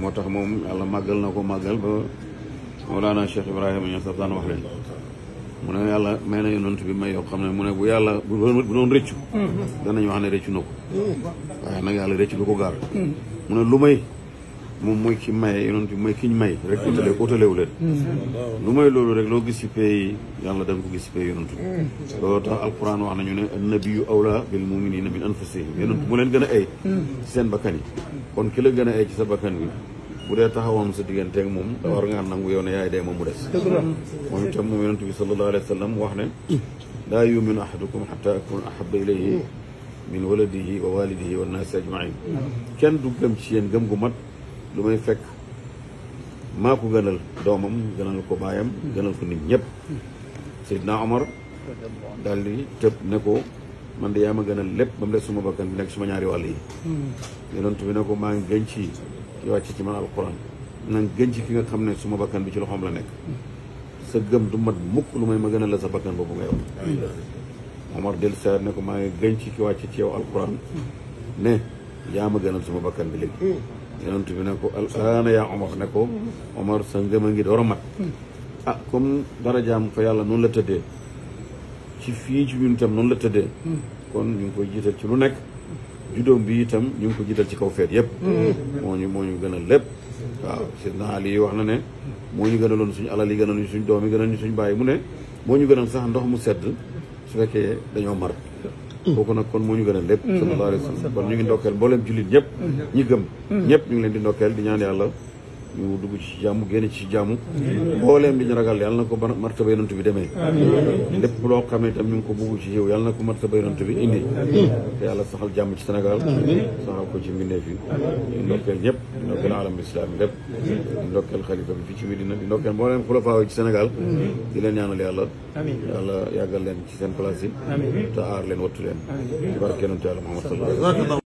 moo tax moom yàlla màggal na ko màggal ba Mawlaana Cheikh Ibrahima Niass daf daan wax leen mu ne yàlla may na yonent bi may yoo xam ne mu ne bu yàlla bu doon rëccu mm-hmm. danañ wax ne rëccu na ko mm-hmm. waaye nag yàlla rëccu lu ko gaar mm-hmm. mu ne lu may moom mooy ki maye yonent bi mooy ki ñu may rek utale utalewu leen mm-hmm. lu may loolu rek loo gis ci pay yàlla da nga ko gis ci pay yonent bi mm-hmm. loolu tax alquran wax nañu ne annabiyyu awla bil muminina min anfusihim mm-hmm. yonent mu leen gën a ay ci seen bakkan yi kon ki la gën a ay ci sa bakkan bi bu dee taxawam sa digganteek moom da war ngaa nangu yow ne yaay dee moom mu des moom itam moom yonent bi sallallahu alayhi wa sallam wax ne laa yuminu ahadukum xata akuna ahaba ilayhi min waladihi wa walidihi wa nnaasi ajmain kenn du gëm ci yéen gëm gu mat lu may fekk maa ko gënal doomam gënal ko baayam gënal ko nit ñëpp Seydina Omar daal di tëb ne ko man de yaa ma gënal lépp ba mu des suma bakkan bi nekk suma ñaari wàll yi hmm. yonent bi ne ko maa ngi gën wàcc ci man alquran na nga ki nga xam ne suma bakkan bi ci loxoom la nekk sa gëm du mat mukk lu may ma gënal la sa bakkan boobu ngay wax Omar del sa ne ko maa ngi gën ci ki wàcc ci yow alquran ne yaa ma gënal suma bakkan bi léegi hmm. yonent bi ne ko al'aana yaa Omar ne ko Omar sa ngëm ngi door a mat ah comme darajaam fa yàlla noonu la tëddee ci fii ci ñun itam noonu la tëddee kon ñu ngi koy jiital ci lu nekk judóom bi itam ñu ngi ko jiital ci kaw feet yëpp moo ñu moo ñu gën a lépp waaw Seydina Ali wax na ne moo ñu gën a loon suñu alal yi gën a ñu suñu doom yi gën a ñu suñu bàyyi mu ne moo ñu gënal sax ndox mu sedd su fekkee dañoo mar kooku nag kon moo ñu gën a lépp mm-hmm. sallallahu alayhi wa mm-hmm. ñu ngi ndokkeel mboolem jullit ñëpp ñi gëm mm-hmm. ñëpp ñu ngi leen di ndokkeel di ñaan yàlla ñu dugg ci jàmm génn ci jàmm mbooleem li ñu ragal yàlla na ko martaba yonent bi demee lépp loo xam ne itam ñu ngi ko bugg ci yow yàlla na ko martaba yonent bi indi te yàlla saxal jàmm ci senegal saxal ko ci mbindeef fi ndokkeel ñëpp ndokkeel alam islam yi lépp ndokkeel xalifa bi fii ci Medina bi ndokkeel mbooleem xulafaa yi ci senegal di leen ñaanal yàlla yàggal leen ci seen place yi te aar leen wattu leen ci barke yonent yàlla Muhammad sallallahu